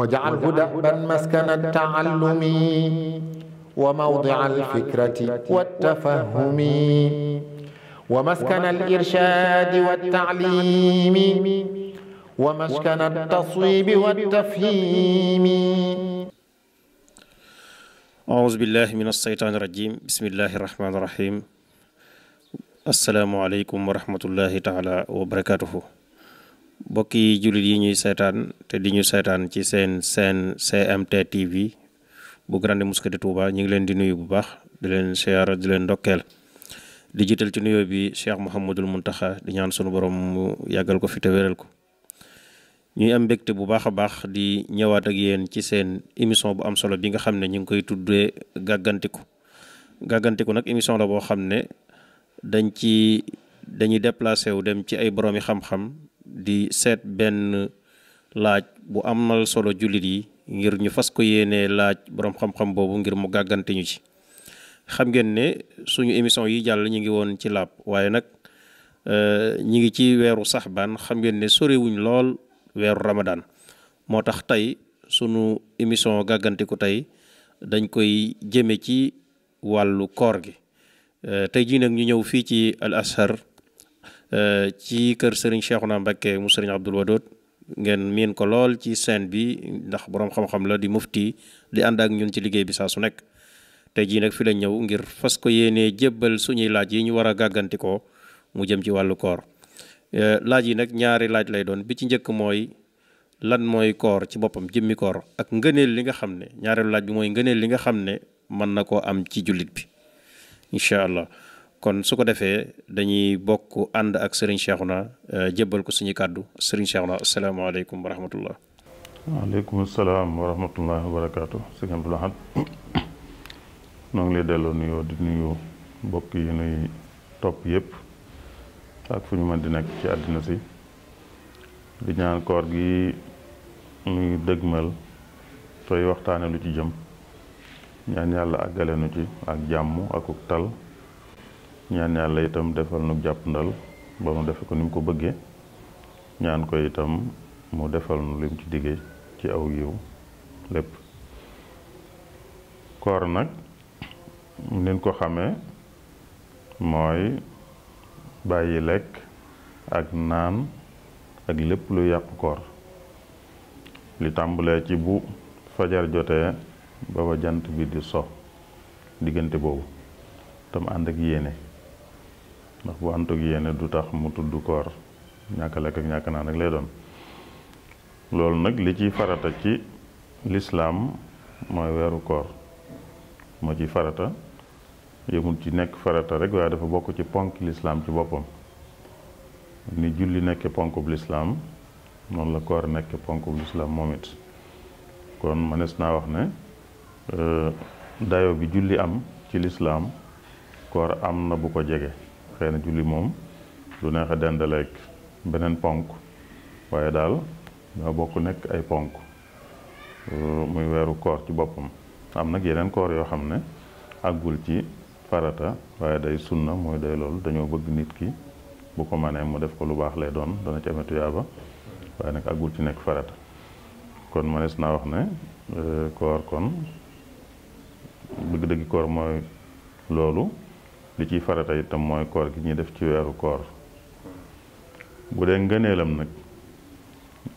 واجعله دأبا مسكن التعلم وموضع الفكرة والتفهم ومسكن الإرشاد والتعليم ومسكن التصويب والتفهيم أعوذ بالله من الشيطان الرجيم بسم الله الرحمن الرحيم السلام عليكم ورحمة الله تعالى وبركاته mbokk yi jullit yi ñuy seetaan te di ñu seetaan ci seen seen CMT TV bu Grande Mosquée de Touba ñu ngi leen di nuyu bu baax di leen siyaara di leen ndokkeel di jiital ci nuyoo bi Cheikh Mouhamadul Mountakha di ñaan sunu borom mu yàggal ko fi te wéral ko ñuy am mbégte bu baax a baax di ñëwaat ak yéen ci seen émission bu am solo bi nga xam ne ñu ngi koy tuddee gàggantiku gàggantiku nag émission la boo xam ne dañ ci dañuy déplacé wu dem ci ay boromi xam-xam di seet benn laaj bu amal solo jullit yi ngir ñu fas ko yéene laaj boroom xam-xam boobu ngir mu gàggante ci xam ngeen ne suñu émission yi jàll ñu ngi woon ci làpp waaye nag euh, ñi ngi ci weeru saxbaan xam ngeen ne sorewuñ lool weeru ramadaan moo tax tey sunu émission gàggantiku tey dañ koy jëme ci wàllu koor gi euh, tey jii nag ñu ñëw fii ci al ashar Euh, ci kër Serigne Cheikhouna Mbacké mu Serigne Abdoul Wadoud ngeen miin ko lool ci seen bi ndax boroom xam-xam la di mufti di ànd ak ñun ci liggéey bi saa su nekk tey jii nag fi la ñëw ngir fas ko yéenee jébbal suñuy laaj yi ñu war a gàggantikoo mu jëm ci wàllu koor euh, laaj yi nag ñaari laaj lay doon bi ci njëkk mooy lan mooy koor ci boppam jëmmi koor ak ngëneel li nga xam ne ñaareelu laaj bi mooy ngëneel li nga xam ne mën na koo am ci jullit bi incha allah kon su ko defee dañuy bokk ànd ak sëriñ Serigne Cheikhouna euh, jébbal ko suñu kàddu Serigne Cheikhouna asalaamaaleykum wa rahmatullah. waaleykum salaam wa rahmatullah wa barakaatu. sëñ Abdou Lahad noo ngi lay delloo nuyoo di nuyu yépp ak fu di nekk ci àddina si di gi nuy dëgmal tooy waxtaane lu ci jëm ñaan yàlla ak nu ci ak jàmm akuk tal ñaan yàlla itam defal nu jàppandal ba mu defe ko ni mu ko bëggee ñaan ko itam mu defal nu lim ci digge ci aw yiw lépp koor nag nin ko xamee mooy bàyyi lekk ak naan ak lépp lu yàq koor li tàmbalee ci bu fajar jotee ba ba jant bi di so diggante boobu tam ànd ak yéene ndax bu àntug yéene du tax mu tudd koor ñàkk lekk ak ñàkk naan rek lay doon loolu nag li ciy farata ci lislaam mooy weeru koor moo ci farata yëmul ci nekk farata rek waaye dafa bokk ci ponk lislaam ci boppam ni julli nekk ponkub lislaam noonu la koor nekk ponkub lislaam moom it kon mënees naa wax ne euh, dayo bi julli am ci lislaam koor am na bu ko jege xëy na julli moom du neex a dendaleeg beneen ponk waaye daal ñoo bokk nekk ay ponk euh, muy weeru koor ci boppam am nag yeneen koor yoo xam ne àggul ci farata waaye day sunna mooy day loolu dañoo bëgg nit ki bu ko manee mu def ko lu baax lay doon dana ci amee tuyaaba waaye nag àggul ci nekk farata kon manees naa wax ne euh, koor kon dëgg-dëgg koor mooy loolu li ci farata itam mooy koor gi ñuy def ci weeru koor bu dee ngëneelam nag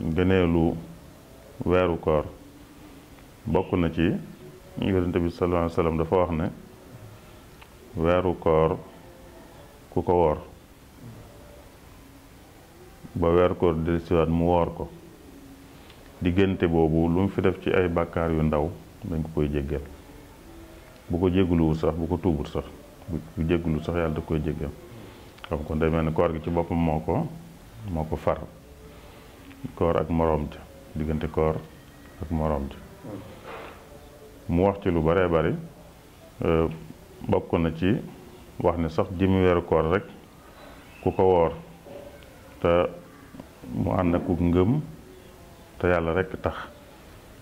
ngëneelu weeru koor bokk na ci yonente bi sallallahu alayhi dafa wax ne weeru koor ku ko woor ba weeru koor dellusiwaat mu woor ko diggante boobu lu mu fi def ci ay bàkkaar yu ndaw dañ ko koy jéggal bu ko jéggaluwul sax bu ko tuubul sax bu jéggulu sax yàlla da koy jéggal xam kon day mel ni koor gi ci boppam moo ko moo ko far koor ak moroom ja diggante koor ak moroom ja mu wax ci lu baree bari euh, bokk na ci wax ne sax jëmi weeru koor rek ku ko woor te mu ànd ak ku ngëm te yàlla rek tax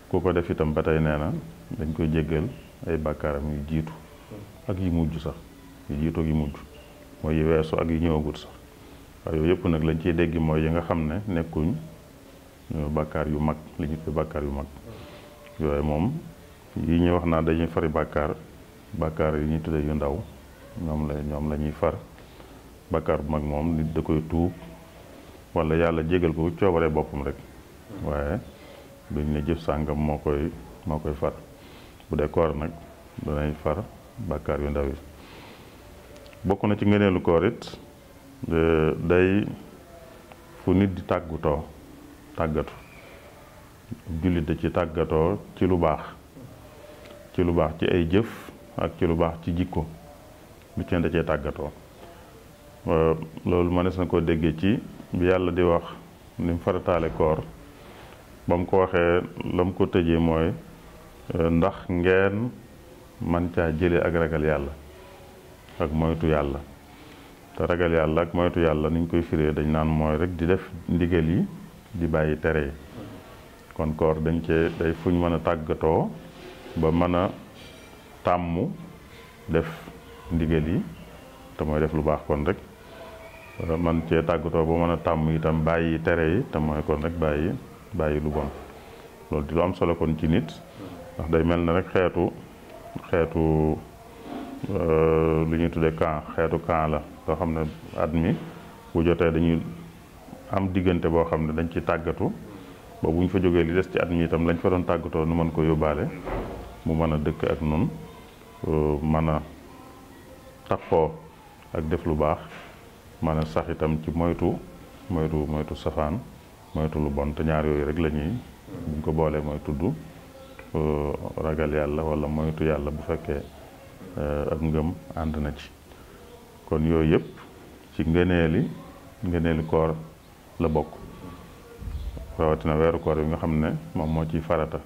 ku ko def itam ba tey nee na dañ koy jéggal ay bàkkaaram yu jiitu ak yi mujj sax yu jiitoog yu mujj mooy yu weesu ak yu ñëwagut sax waaye yooyu yëpp nag lañ ci dégg mooy yi nga xam ne nekkuñ bàkkaar yu mag li bàkkaar yu mag yooyu moom yi ñuy wax naa dañuy fari bàkkaar bàkkaar yi ñuy tuddee yu ndaw ñoom la ñoom la ñuy far bàkkaar bu mag moom nit da koy tuub wala yàlla jégal ko coobaree boppam rek waaye duñ ne jëf sàngam moo koy moo koy far bu dee koor nag danay far bàkkaar yu ndaw bokk na ci ngëneelu koor it day fu nit di tàggatoo tàggatu jullit da ci tàggatoo ci lu baax ci lu baax ci ay jëf ak ci lu baax ci jikko lu ci te cee tàggatoo loolu mënees na koo déggee ci bi yàlla di wax ni mu farataale koor ba mu ko waxee la mu ko tëjee mooy eh, ndax ngeen man caa jëlee ak ragal yàlla ak moytu yàlla te ragal yàlla ak moytu yàlla niñ koy firee dañ naan mooy rek di def ndigal yi di bàyyi tere yi kon koor dañ cee day fuñ mën a tàggatoo ba mën a tàmm def ndigal yi te mooy def lu baax kon rek man cee tàggatoo ba mën a tàmm itam bàyyi tere yi te mooy kon rek bàyyi bàyyi lu bon loolu di lu am solo kon ci nit ndax day mel na rek xeetu Euh, lu ñuy tuddee camp xeetu camp la nga xam ne at mi bu jotee dañuy am diggante boo xam ne dañ ci tàggatu ba ñu fa jógee li des ci at mi itam lañ fa doon tàggatoo nu mën ko yóbbaale mu mën a dëkk ak nun euh, mën a taxoo ak def lu baax mën a sax itam ci moytu moytu moytu safaan moytu lu bon te ñaar yooyu rek lañuy ñuy buñ ko boolee mooy tudd euh, ragal yàlla wala moytu yàlla bu fekkee Euh, ak ngëm ànd na ci kon yooyu yëpp ci ngëneeli ngëneeli koor la bokk rawatina weeru koor yi nga xam ne moom moo ciy farata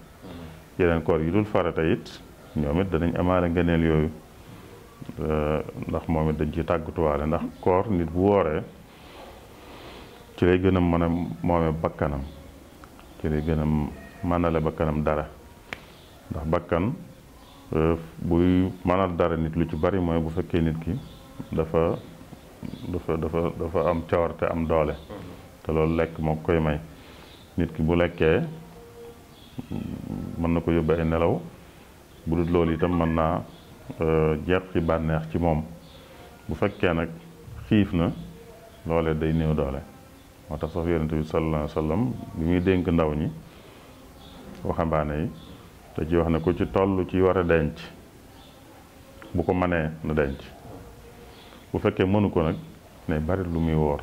yeneen koor yi dul farata it ñoom it danañ amaale ngëneel yooyu euh, ndax moom it dañ ci tàggatuwaale ndax koor nit bu wooree ci lay gën a mën a bakkanam ci lay gën a mënale bakkanam dara ndax bakkan Euh, buy maanaam dara nit lu ci bari mooy bu fekkee nit ki dafa dafa dafa dafa am cawarte am doole te loolu lekk moo koy may nit ki bu lekkee mën na ko yóbbu ay nelaw bu dul loolu itam mën naa euh, jeex ci bànneex ci moom bu fekkee nag xiif na loolee day néew doole moo tax sax yonente bi sallallahu alayhi wa sallam bi muy dénk ndaw ñi waxambaane yi da ci wax ne ku ci toll ci war a denc bu ko mënee na denc bu fekkee mënu ko nag ne bari lu muy woor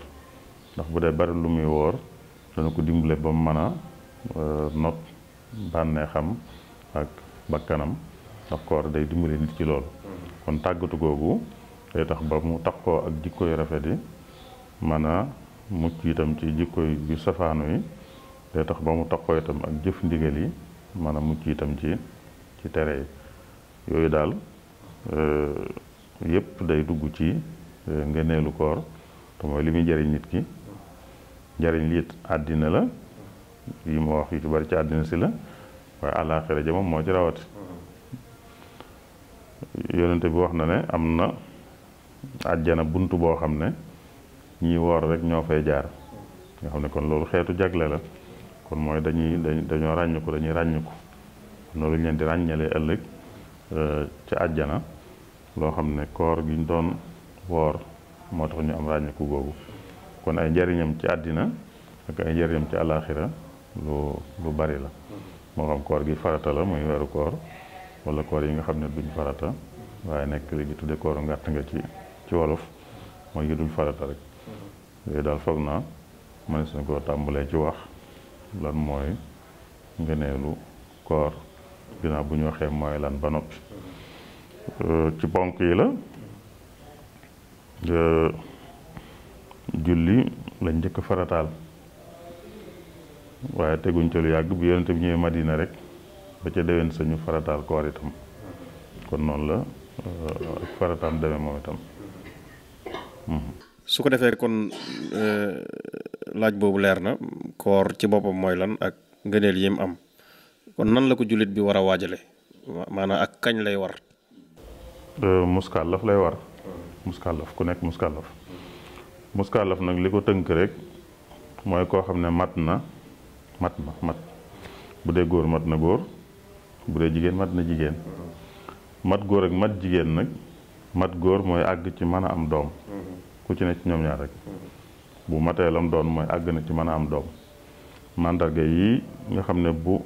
ndax bu dee bari lu muy woor dana ko dimbale ba mu mën a euh, not bànnee ak bakkanam ndax koor day dimbale nit ci loolu kon tàggatu googu day tax ba mu takkoo ak jikko yu rafet yi mën a mucc itam ci jikko yu safaanu yi day tax ba mu takkoo itam ak jëf ndigal yi mën a mucc itam ci ci tere yi yooyu daal euh, yépp day dugg ci euh, ngëneelu koor te mooy li muy jariñ nit ki njariñ liit àddina la yi ma wax yu ci bari ci àddina si la waaye àllaaxira ja moom moo ci rawati yonente bi wax na ne am na àjjana bunt boo xam ne ñiy woor rek ñoo fay jaar nga xam ne kon loolu xeetu jagle la kon mooy dañuy dañoo ràññiku dañuy ràññiku noonu lu ñu leen di ràññalee ëllëg euh, ca àjjana loo xam ne koor gi doon woor moo tax ñu am ràññiku googu kon ay njariñam ci àddina ak ay njariñam ci àllaaxira lu lu bari la moo xam koor gi farata la muy weeru koor wala koor yi nga xam ne duñ farata waaye nekk li ñu tudde kooru ngàtt nga ci ci wolof mooy yi duñ farata rek yooyu daal foog naa mënees na koo tàmbalee ci wax lan mooy ngëneelu koor ginnaaw bu ñu waxee mooy lan ba noppi euh, ci ponk yi la euh, julli lañ njëkk farataal waaye teguñ ca lu yàgg bi yonente bi ñëwee Madina rek ba ca déwén sañu farataal koor itam kon noonu la euh, ak farataam demee moom itam hmm. su ko defee kon laaj boobu leer na koor ci boppam mooy lan ak ngëneel yim am kon nan la ko jullit bi war a waajale maanaam ak kañ lay war euh, muskàllaf lay war muskàllaf ku nekk muskàllaf muskàllaf nag li ko tënk rek mooy koo xam ne mat na mat na mat bu dee góor mat na góor bu dee jigéen mat na jigéen mat góor ak mat jigéen nag mat góor mooy àgg ci mën a am doom mm-hmm. ku ci ne ci ñoom ñaar rek mm-hmm. bu matee lam doon mooy àgg na ci mën a am doom mandarga yi nga xam ne bu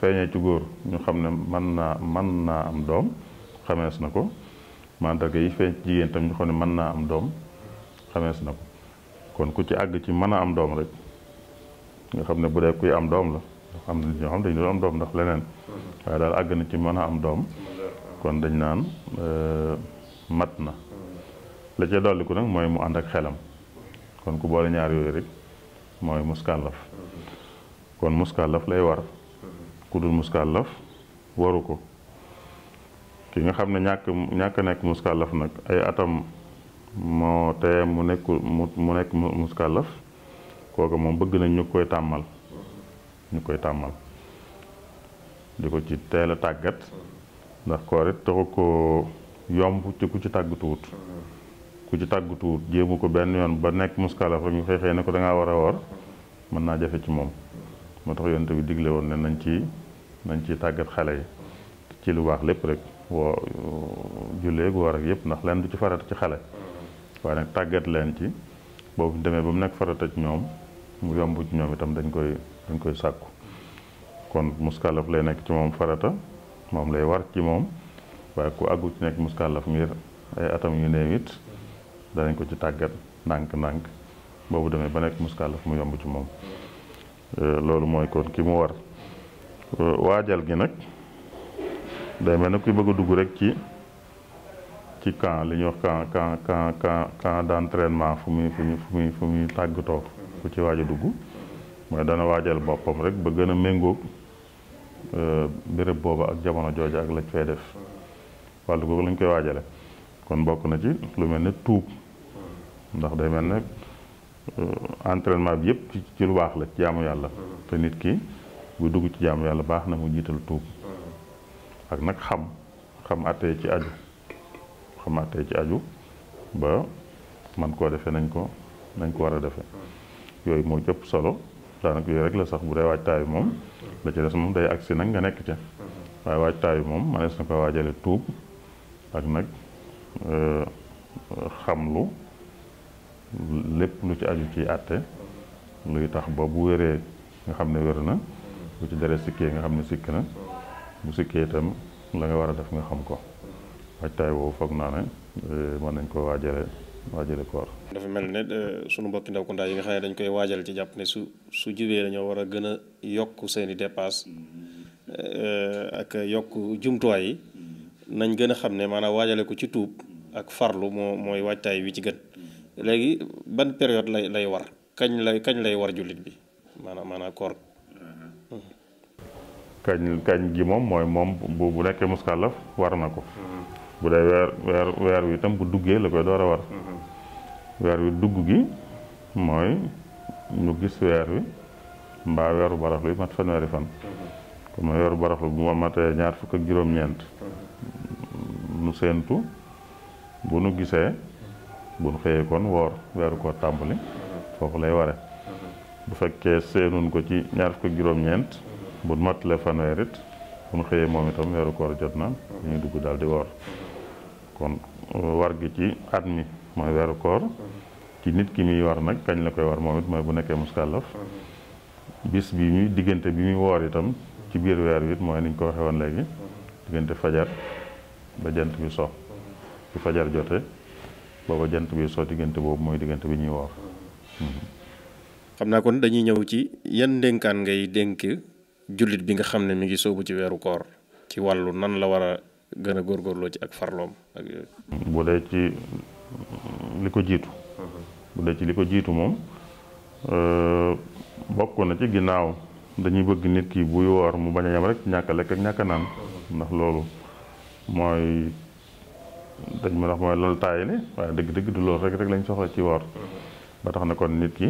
feeñee ci góor ñu xam ne mën naa mën naa am doom xamees na ko mandarga yi feeñ jigéen tam ñu xam mën naa am doom xamees na ko kon ku ci àgg ci mën a am doom rek nga xam ne bu dee kuy am doom la am na ñoo xam dañu doon doom ndax leneen waaye daal àgg na ci mën a am doom kon dañ naan euh, mat na la ca ko nag mooy mu ànd ak xelam kon ku boole ñaar yooyu rek mooy muskàllaf kon muskàllaf lay war ku dul muskàllaf waru ko ki nga xam ne ñàkk ñàkk nekk muskàllaf nag ay atam moo tee mu nekk mu nekk muskàllaf kooku moom bëgg nañ ñu koy tàmmal ñu koy tàmmal di ko ci teela tàggat ndax koor it taxu ko yomb ci ku ci tàggatuwut ku ci tàggutuwut jéemu ko benn yoon ba nekk muskalaaf rek ñu xëy xëy ko da war a woor mën naa jafe ci moom moo tax yonte bi digle woon ne nañ ci nañ ci tàggat xale yi ci lu waax lépp rek woo julleeg woor ak yëpp ndax leen du ci farata ci xale waaye nag tàggat leen ci boobu demee ba mu nekk farata ci ñoom mu yomb ci ñoom itam dañ koy dañ koy sàkku kon muskalaaf lay nekk ci moom farata moom lay war ci moom waaye ku àggu ci nekk muskalaaf ngir ay atam yu néew it danañ ko ci tàggat ndànk-ndànk boobu demee ba nekk fu mu yomb ci moom euh, loolu mooy kon ki mu war euh, waajal gi nag day mel ne kuy bëgg a dugg rek ci ci camp li ñuy wax camp camp camp camp camp d'entraînement fu muy fu muy fu muy tàggatoo ku ci waaj a dugg mooy dana waajal boppam rek ba gën a méngoog euh, béréb booba ak jamono jooja ak lañ fee def wàllu googu lañ koy waajale kon bokk na ci lu mel ne tuub ndax day mel nag euh, entraînement bi yëpp ci lu baax la ci jaamu yàlla mm-hmm. te nit ki bu dugg ci jaamu yàlla baax na mu jiital tuub mm-hmm. ak nag xam xam attee ci aju xam ci aju ba man koo defee nañ ko nañ ko war a defee mm-hmm. yooyu moo jëpp solo daanaka yooyu rek la sax bu dee waajtaay bi moom la ci des moom day agsi nag nga nekk ca waaye waajtaay bi moom manees na ko waajale tuub ak nag euh, xamlu lépp lu ci aju ci àtte luy tax boobu bu wéree nga xam ne wér na bu ci dere sikkee nga xam ne sikk na bu sikkee itam la nga war a def nga xam ko waajtaay woowu foog naa ne eh, mën nañ ko waajale waajale koor dafa mel ne eh, sunu mbokki ndaw yi nga xam ne dañ koy waajal ci jàpp ne su su jubee dañoo war a gën a yokk seeni dépasse eh, ak yokk jumtuwaay yi nañ gën a xam ne maanaam waajale ko ci tuub ak farlu moo mooy waajtaay wi ci gën léegi ban période lay lay war kañ lay kañ lay war jullit bi maanaam maanaam koor. Uh-huh. kañ kañ gi moom mooy moom bu bu nekkee muskàllaf war na ko. Uh-huh. bu dee weer weer weer bu duggee la koy door a war. Uh-huh. weer dugg gi mooy ñu gis weer wi mbaa weeru baraxlu yi mat fanweeri fan. comme weeru ñaar fukk ak juróom-ñeent. nu séentu bu nu gisee. bu ñu xëyee kon woor weeru koor tàmbali foofu lay ware bu fekkee seenun ko ci ñaar fukk ak juróom-ñeent bu mottale fanweer it bu ñu xëyee moom itam weeru koor jot na dañuy dugg daal di woor kon uh, war gi ci at mi mooy weeru koor ci nit ki muy war nag kañ la koy war moom it mooy bu nekkee muskàllaf bis bi muy diggante bi muy woor itam ci biir weer wi it mooy niñ ko waxee woon léegi diggante fajar ba jant bi so ci fajar jote booba jant bi soo diggante boobu mooy diggante bi ñuy woor xam naa kon dañuy ñëw ci yan ndénkaan ngay dénk jullit bi nga xam ne mu ngi soobu ci weeru koor ci wàllu nan la war a gën a góorgóorloo ci ak farloom ak yooyu bu dee ci li ko jiitu bu ci li ko jiitu moom euh, bokk na ci ginnaaw dañuy bëgg nit ki buy woor mu bañ a yam rek ñàkk lekk ak ñàkk naan ndax loolu mooy dañ ma a wax mooy loolu taayale waaye dëgg-dëgg du loolu rek rek lañ soxla ci woor ba tax na kon nit ki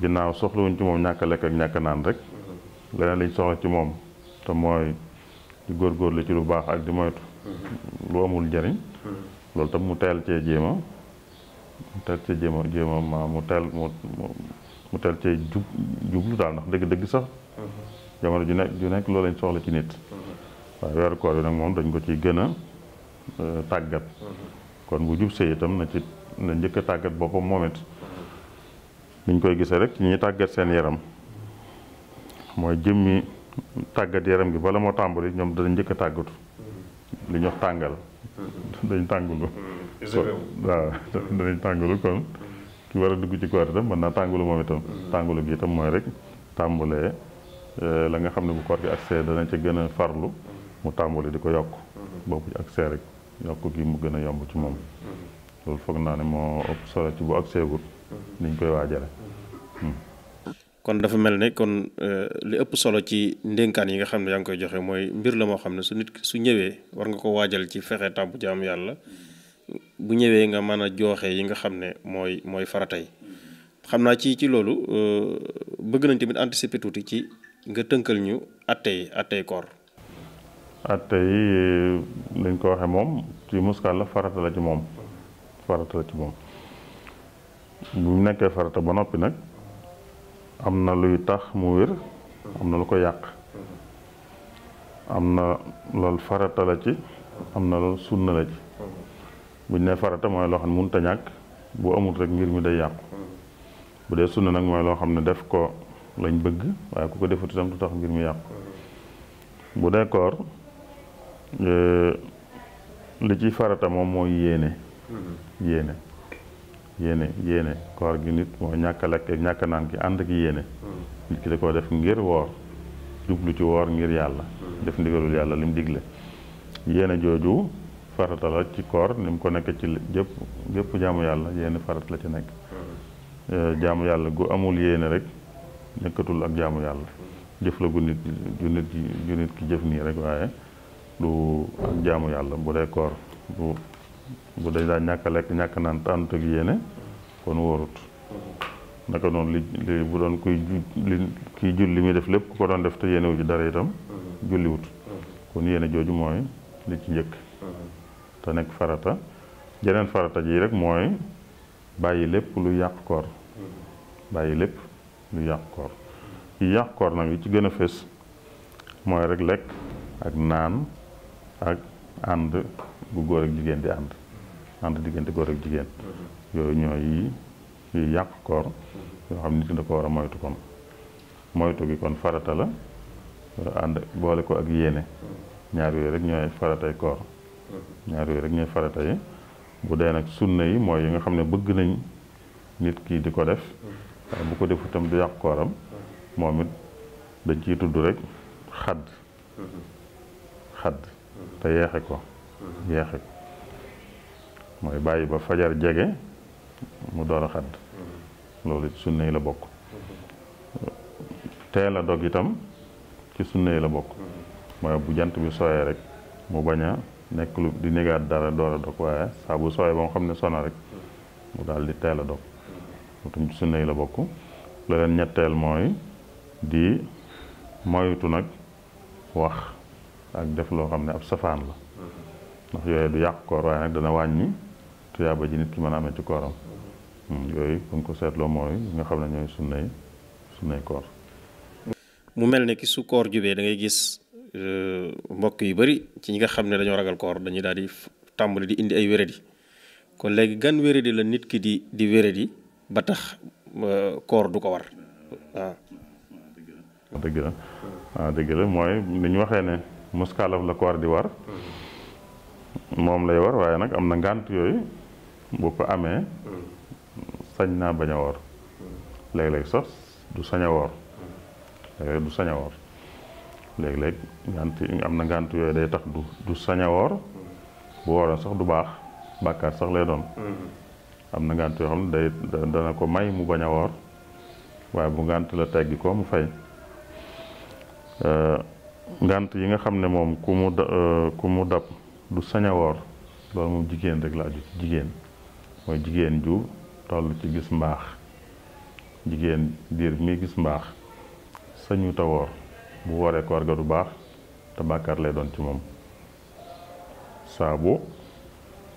ginnaaw soxlawuñ ci moom ñàkk lekk ak ñàkk naan rek leneen lañ soxla ci moom te mooy di góorgóorlu ci lu baax ak di moytu njariñ loolu mu teel cee jéema mu teel cee jéema ma mu teel mu mu teel cee jub jublu daal ndax dëgg-dëgg sax jamono ju nekk ju nekk loolu lañ soxla ci nit waaye weeru yi nag moom dañ ko ciy gën a Euh, tàggat kon bu jub see itam na ci na njëkk a tàggat boppam moom it niñ koy gisee rek ci ñuy tàggat seen yaram mooy jëmmi tàggat yaram gi bala moo tàmbali ñoom dana njëkk a tàggatu li ñuy tàngal dañ tàngulu mm-hmm. waaw danañ tàngulu kon ki war a dugg ci koor itam mën naa tàngulu moom itam mm-hmm. tàngulu gi itam mooy rek tàmbulee euh, la nga xam ne bu koor gi ak see dana ca gën a farlu mu tàmbali di ko yokk mm-hmm. boobu ak see rek yokk gi mu gën a yomb ci moom loolu foog naa ne moo ëpp solo ci bu ak seegut koy waajale kon dafa mel ne kon eh, li ëpp solo ci ndénkaan yi nga xam ne yaa ngi koy joxe mooy mbir la moo xam ne su nit su ñëwee war nga ko waajal ci fexe tàbbu jaamu yàlla bu ñëwee nga mën a jooxe yi nga xam ne mooy mooy farata yi xam naa ci ci loolu eh, bëgg nañ tamit anticiper tuuti ci nga tënkal ñu attey attey koor atte yi lañ ko waxee moom ci muskàlla farata la ci moom farata ci moom bu nekkee farata ba noppi nag am na luy tax mu wér am na lu ko yàq am na loolu farata ci am na loolu sunna la ci buñ ne farata mooy loo xam ne mënut a ñàkk bu amul rek ngir mi day yàqu bu dee sunna nag mooy loo xam ne def ko lañ bëgg waaye ku ko defut itam du tax ngir mi yàqu bu dee koor Euh, li ci farata moom mooy yéene mm-hmm. yéene yéene yéene koor gi nit mooy ñàkk lekk ñàkk naan gi ànd ak yéene mm-hmm. nit ki da koo def ngir woor jublu ci woor ngir yàlla mm-hmm. def ndigalul yàlla lim digle yéene jooju farata la ci koor ni mu ko nekk ci jëpp jëpp jàmm yàlla yéene farat la ci nekk euh, jaamu yàlla gu amul yéene rek nekkatul ak jaamu yàlla jëf la gu nit ju nit ju nit ki jëf nii rek waaye du ak jaamu yàlla bu dee koor bu bu dee daa ñàkk lekk ñàkk naan te àndut yéene kon wóorut naka noonu li li bu doon kuy li kiy julli li muy def lépp ku ko doon def te yéenewu ci dara itam julliwut kon yéene jooju mooy li ci njëkk te nekk farata jeneen farata ji rek mooy bàyyi lépp lu yàq koor bàyyi lépp lu yàq koor yi yàq koor nag yi ci gën a fés mooy rek lekk ak naan ak ànd bu góor ak jigéen di ànd ànd diggante góor ak jigéen mhm. yooyu ñooy yuy yàq koor yoo xam nit ko war a moytu kon moytu gi kon farata la ànd boole ko ak yéene ñaar yooyu rek ñooy faratay koor mhm. ñaar yooyu rek ñooy farata yi bu dee nag sunna yi mooy yi nga xam ne bëgg nañ nit kii di ko def mhm. waaye bu ko defu du yàq kooram moom it dañ ciy tudd rek xadd xadd te yeexe ko yeexe ko mooy bàyyi ba fajar jege mu door a xadd loolu sunna yi la bokk teel a dog itam ci sunna yi la bokk mooy bu jant bi sooyee rek mu bañ a nekk lu di négaat dara door a dog waaye saa bu sooyee ba mu xam ne sona rek mu daal di teel a dog lu tam ci yi la bokk la leen ñetteel mooy di moytu nag wax ak def loo xam ne ab safaan la ndax yooyu du yàq koor waaye nag dana wàññi tuyaaba ji nit ki mën a amee ci kooram hmm, yooyu seetloo mooy xam ne ñooy sunnay sunnay koor mu mel ne ki su koor jubee da ngay gis euh, mbokk yu bari ci ñi nga xam ne dañoo ragal koor dañuy daal di tàmbali di indi ay wéradi kon léegi gan wéradi la nit ki di di wéradi ba tax euh, koor du ko war waaw ah, mooy ni waxee ne muskaalaf la ko war di war moom lay war waaye nag am na ngant yooyu boo ko amee sañ naa bañ a woor léeg-léeg sax du saña a woor léeg-léeg du léeg-léeg ngànt yi am na ngànt yooyu day tax du du sañ a woor bu wooroon sax du baax bàkkaar sax lay doon am na ngànt yoo xam day dana ko may mu bañ a woor waaye bu ngànt la teggi ko mu fay ngànt yi nga xam ne moom ku mu euh, ku mu dab du sañ loolu moom jigéen rek la aju ci jigéen mooy jigéen ju toll ci gis mbaax jigéen diir bi muy gis mbaax sañu ta woor bu wooree koor ga du baax te bàkkaar lay doon ci moom saabu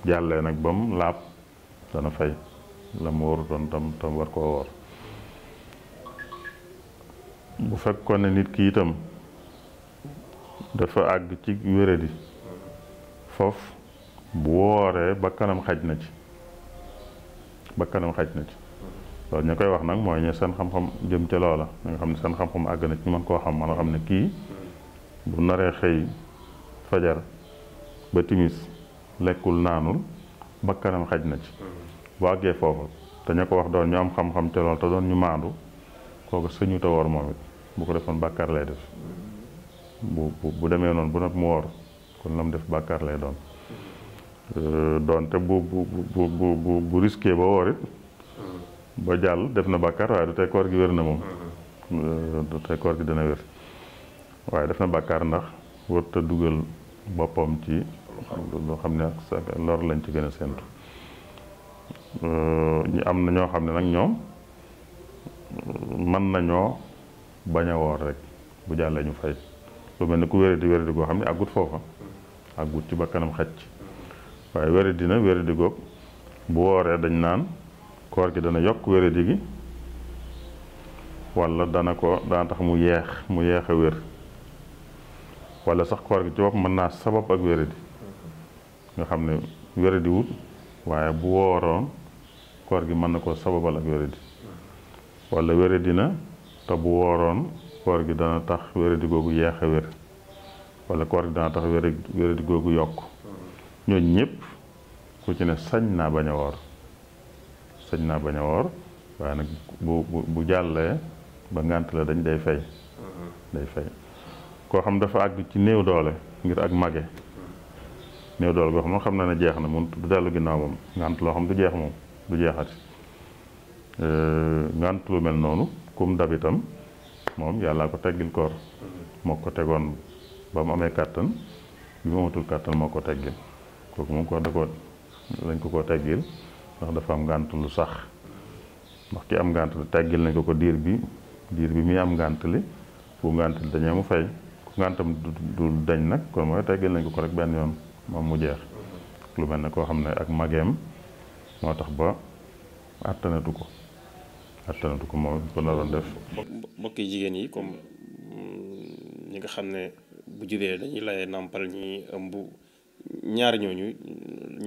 jàllee nag ba mu laab dana fay la mu waru tam tam war koo woor bu fekkoon ne nit ki itam dafa àgg ci wéradi foofu bu wooree ba kanam xaj na ci ba kanam xaj na ci loolu ñu koy wax nag mooy ñu seen xam-xam jëm ca loola ñu nga seen xam àgg na mën koo xam mën a xam ne kii bu naree xëy fajar ba timis lekkul naanul ba kanam xaj na ci bu àggee foofu te ñu ko wax doon ñu am xam-xam ca lool te doon ñu maandu kooku sëñu ta woor moom it bu ko defoon bàkkaar lay def bu bu demee noonu bu nag mu woor kon lam def bàkkaar lay doon euh, doonte bu bu bu bu bu risqué ba woor ba jàll def na bàkkaar waaye du tey koor gi wér na moom euh, du tey koor gi dina wér waaye def na bàkkaar ndax warut a dugal boppam ci loo xam ne ak lañ ci gën a séntu euh, ñu am na ñoo xam ne nag ñoom mën nañoo bañ a woor rek bu jàllee ñu fay lu mel ne ku wéradi wéradi goo xam ne àggut foofa àggut ci ba bakkanam xacc waaye wéradi na wéradi goog bu wooree dañ naan koor gi dana yokk wéradi gi wala dana ko dana tax mu yeex mu yeex a wér wala sax koor gi ci bopp mën naa sabab ak wéradi nga xam ne wéradi waaye bu wooroon koor gi mën na koo sababal ak wéradi wala wéradi na te bu wooroon koor gi dana tax wéradi googu yeex a wér wala koor gi dana tax wéradi googu yokk ñooñ ñëpp ku ci ne sañ naa bañ a woor sañ naa bañ waaye nag bu bu jàllee ba ngànt la dañ day fay day fay koo xam dafa àgg ci néew doole ngir ak mage néew doole goo xam ne xam na ne jeex na mun du dellu ginnaaw moom ngànt loo xam du jeex moom du jeexati euh, ngànt lu mel noonu kum dabitam moom yàlla ko teggil koor moo ko tegoon ba mu amee kàttan bi mu amatul kàttan moo ko teggil kooku moom ko da ko lañ ko ko teggil ndax ngànt lu sax ndax am ngànt lu teggil nañ ko ko diir bi diir bi muy am ngànt li bu ngànt li mu fay ku ngàntam du dañ nag kon mooy teggil nañ ko ko rek benn yoon moom mu jeex lu mel ne koo xam ne ak mageem moo tax ba àttanatu ko attanatu ko moom ko naroon def. mbokki jigéen yi comme mm, ñi nga xam ne bu jubee dañuy layee nàmpal ñi ëmb ñaar ñooñu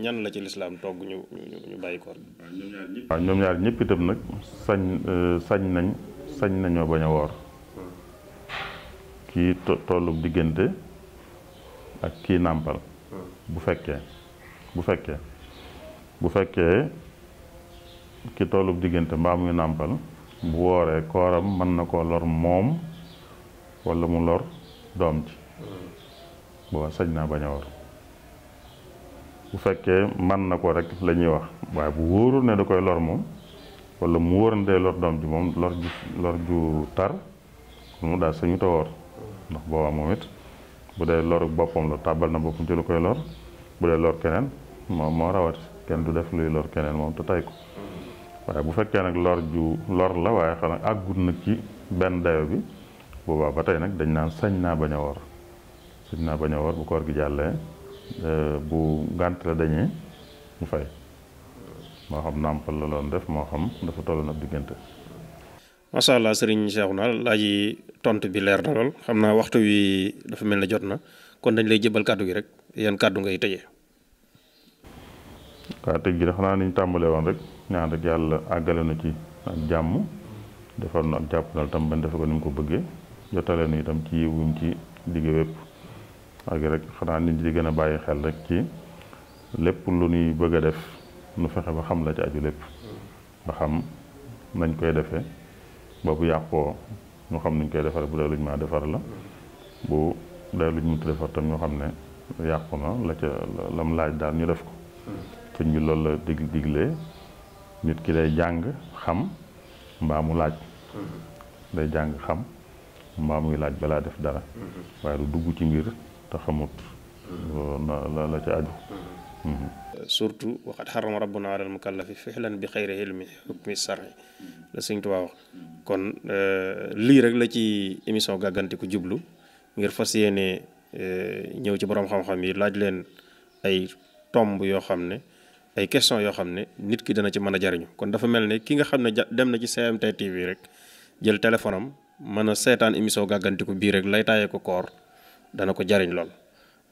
ñan la ci lislaam togg ñu ñu ñu bàyyi ko. waaw ñoom ñaar ñëpp itam nag sañ euh, sañ nañ sañ nañoo bañ a woor kii tollu diggante ak kii nàmpal bu fekkee bu fekkee bu fekkee. ki tollub diggante mbaa muy nàmpal bu wooree kooram mën na ko lor moom walla mu lor doom ci boo sañ naa bañ a woor bu fekkee mën na ko rek la ñuy wax waaye bu wóorul ne da koy lor moom walla mu wóor ne day lor doom ji moom lor ju lor ju tar mu daal sañu ta woor ndax boobaa moom it bu dee loru boppam la tàbbal na boppam ci lu koy lor bu dee lor keneen moom moo rawati kenn du def luy lor keneen moom te tay ko waaye bu fekkee nag lor ju lor la waaye xam ne àggut nag ci benn dayo bi boobaa ba tey nag dañ naan sañ naa bañ a woor sañ naa bañ a woor bu koor gi jàllee euh, bu ngànt la dañee mu fay moo xam nàmpal la loon def moo xam dafa toll nag diggante macha allah sëriñ Cheikhouna laaj yi tontu bi leer na lool xam naa waxtu wi dafa mel ne jot na kon dañ lay jëbal kàddu gi rek yan kàddu ngay tëjee. waaw tëj gi de xanaa ni ñu tàmbalee woon rek ñaan rek yàlla àggale na ci ak jàmm defar nu ak jàppandal tam ban defe ko ni mu ko bëggee jotale nu itam ci yiwum ci liggéey wépp ak rek xanaa nit ñi di gën a bàyyi xel rek ci lépp lu nuy bëgg a def nu fexe ba xam la ci aju lépp ba xam nañ koy defee ba yàqoo ñu xam nuñ koy defar bu dee luñ maa defar la bu dee luñ mënut defar tam ñoo xam ne yàqu na la ca lam laaj daal ñu def ko sëñ hmm. bi loolu la dig diglee nit ki day jàng xam mbaa laaj mm-hmm. day jàng xam mbaa muy laaj balaa def dara mm-hmm. waaye du dugg ci mbir te xamut mm-hmm. la la ca aju surtout waxat xarama rabbuna alal mukallafi fixlan bi xayri ilmi xukmi sarri la Sëñ Tuubaa wax kon euh, lii rek la ci émission gàggantiku jublu ngir fas yéene euh, ñëw ci boroom xam-xam yi laaj leen ay tomb yoo xam ne ay question yoo xam ne nit ki dana ci mën a jariñu kon dafa mel ne ki nga xam ne dem na ci GMT TV rek jël téléphone am mën a seetaan émission gàggantiku bii rek laytaayee ko koor dana ko jariñ lool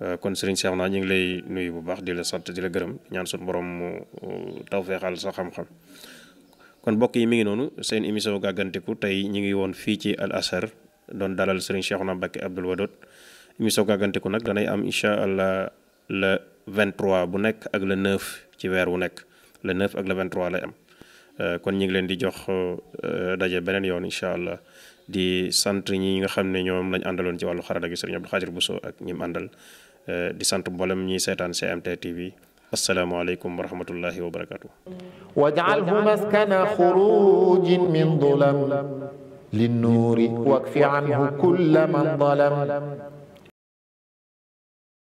euh, kon Serigne Cheikh naa ñu ngi lay nuyu bu baax di la sant di la gërëm ñaan suñu borom mu euh, tawféexal sa xam-xam kon mbokk yi mi ngi noonu seen émission gàggantiku tey ñu ngi woon fii ci Al Azhar doon dalal Serigne Cheikhouna Mbacké Abdoul Wadoud émission gàggantiku nag danay am incha allah la 23 bu nekk ak le 9 ci weer wu nekk le 9 ak le 23 lay am euh, kon ñu di jox euh, daje beneen yoon incha allah di sant ñi nga xam ne ñoom lañ àndaloon ci wàllu xarala gi sëriñ Abdou Khadir Bousso ak ñim àndal euh, di sant mboolem ñi seetaan GMT TV asalaamaaleykum wa rahmatullahi wa barakatu waj'alhu maskana xurujin min dulam linnuuri wakfi anhu kulla man dalam